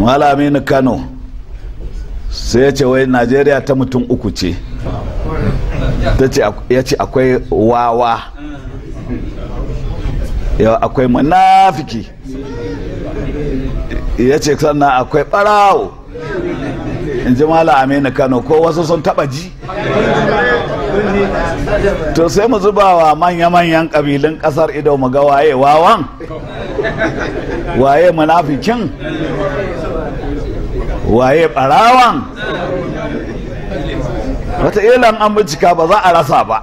malami kano sai ya ce wai najeriya ta mutum uku ce ya ce akwai wawa akwai munafiki ya ce sannan akwai barawo in ji aminu kano ko wasu sun taba ji to sai mu zubawa manya-manyan kabilin kasar ido mu ga waye wawan waye munafikin waye barawan wataƙila an bincika ba za a rasa ba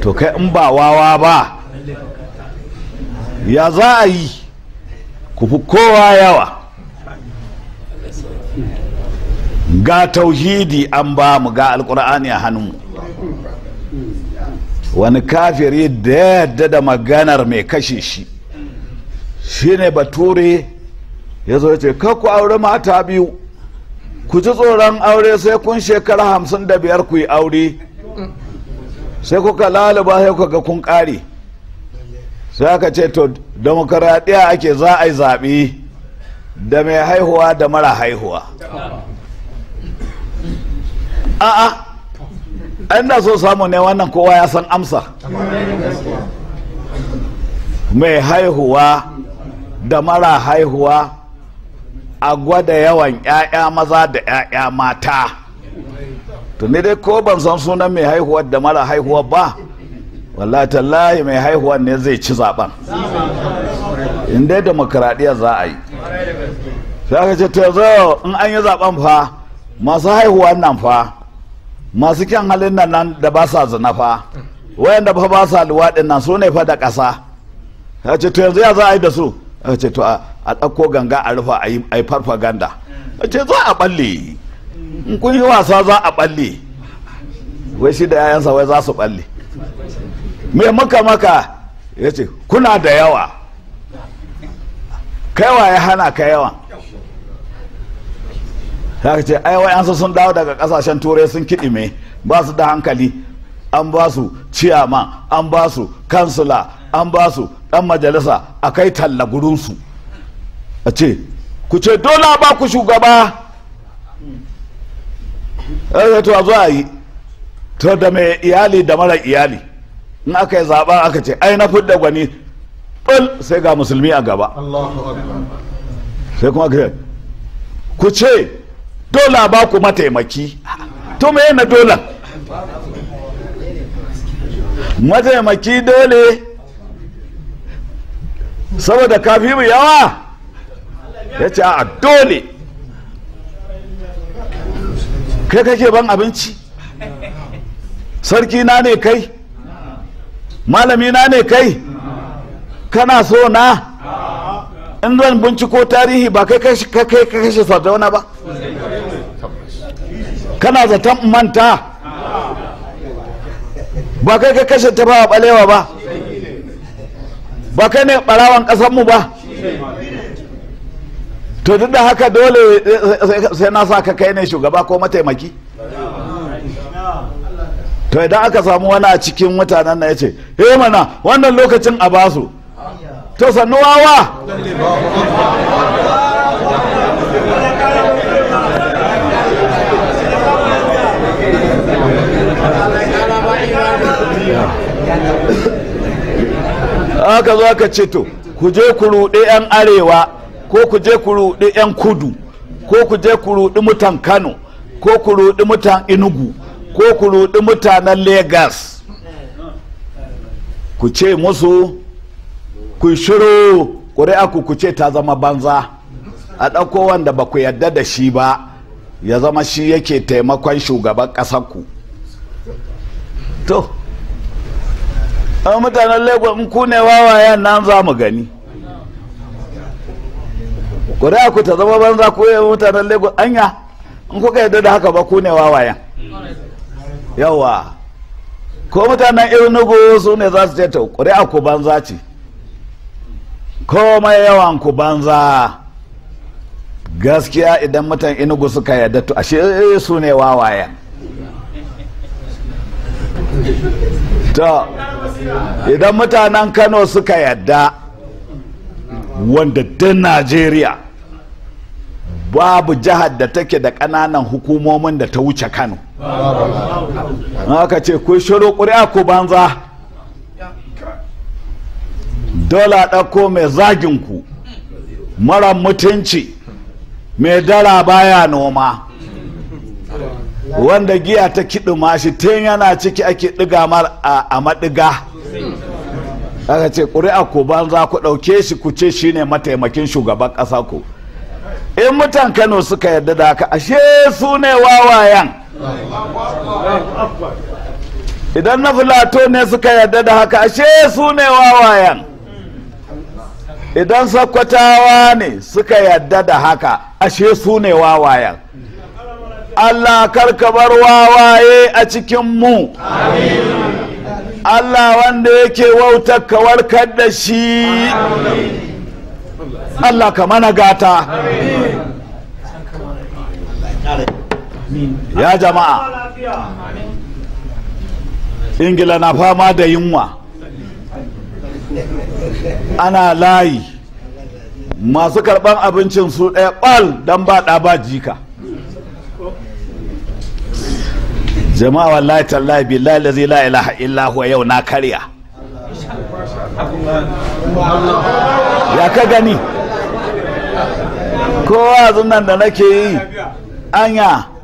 to kai in ba wawa ba ya za a yi ku fi kowa yawa ga tauhidi an ba mu ga alkur'ani a hannu. wani kafiri da yadda da maganar mai kashe shi shine bature ya zo ce ku aure mata biyu ku ji tsoron aure sai kun shekara hamsin da biyar ku yi aure sai kuka laliba sai kuka kun ƙare sai aka ce to demokaradiyya ake za a yi zaɓi da mai haihuwa da mara haihuwa a'a an so samu ne wannan kowa ya san amsa mai haihuwa da mara haihuwa a gwada yawan 'ya'ya maza da 'ya'ya mata tuni dai ko ban san sunan mai haihuwar da mara haihuwar ba wallatallahi mai haihuwar ne zai ci zaben in dai za a yi sai aka ce yanzu in an yi zaben fa masu haihuwa nan fa masu kyan halin nan nan da ba sa zina fa wayanda fa ba sa luwaɗin nan su ne fa da ƙasa ya ce to yanzu ya za a yi da su a ce to a ɗauko ganga a rufa a yi farfaganda mm. a ce za a balle mm. in kun yi wasa za a balle wai shi da yayansa wai za su balle mai maka maka ya ce kuna da yawa kaiwa ya hana ka yawa ya ce ai wayansu sun dawo daga kasashen turai sun kiɗi mai ba su da hankali an ba su ciyama an ba su kansula an ba su ɗan majalisa a kai talla gurinsu a ce ku ce dole ba ku shugaba ya eh, to a zo a yi to da mai iyali da mara iyali in aka yi zaɓa aka ce ai na fidda gwani ɓul sai ga musulmi a gaba sai kuma ka ku ce dola ba ku mataimaki to me na dola mataimaki dole saboda kafi mu yawa ya ce a dole kai kake ban abinci sarki na ne kai malami na ne kai kana so na in zan binciko tarihi ba kai kai kashe sardauna ba kana zaton manta ba kai kai kashe ta ba balewa ba ba kai ne barawan mu ba to duk da haka dole eh, eh, sai na sa ka kai ne shugaba ko mataimaki to idan aka samu wani a cikin mutanen na ya ce he eh, mana wannan lokacin a basu to sannu wawa aka zo aka ce to ku je ku ruɗe 'yan arewa ko ku je ku ruɗe 'yan kudu ko ku je ku ruɗi mutan kano ko ku ruɗi mutan inugu ko ku ruɗi mutanen Legas ku ce musu ku shiru ƙuri'a ku ku ce ta zama banza a ɗauko wanda ba ku yadda da shi ba ya zama shi yake taimakon shugaban ƙasarku to amma mutanen lagos in ku ne wawayen nan za mu gani ƙuri'a ku ta zama banza ku yi mutanen lagos anya in kuka yadda da haka ba ku ne wawayen yawa ko mutanen enugu su ne za su ce ta ƙuri'a ku banza ce komai yawan ku banza gaskiya idan mutan inugu suka yadda to ashe su ne wawayen to idan mutanen kano suka yadda wanda najeriya babu jihar da take da ƙananan hukumomin da ta wuce kano aka ce ku shiru ƙuri'a ku banza dola ɗauko mai zaginku mara mutunci mai dara baya noma wanda giya ta kiɗi shi tun yana ciki ake ɗiga mar a maɗiga aka ce ƙuri'a ku banza ku ɗauke shi ku ce shi ne mataimakin shugaban ƙasa ku in mutan kano suka yarda da haka ashe su ne wawayen idan na filato ne suka yarda da haka ashe su ne wawayen idan sakwatawa ne suka yarda da haka ashe su ne wawayen Allah karka bar wawaye a cikin mu Allah wanda yake wautar ka warkar da shi Allah ka mana gata ya jama'a ingila na fama da yunwa ana layi masu karɓar abincin su ɗaya ɓal don ba ɗa ba jika jama'a wallahi tallahi billahi lazi la ilaha illa huwa yau na karya ya ka gani kowa zunan da nake yi anya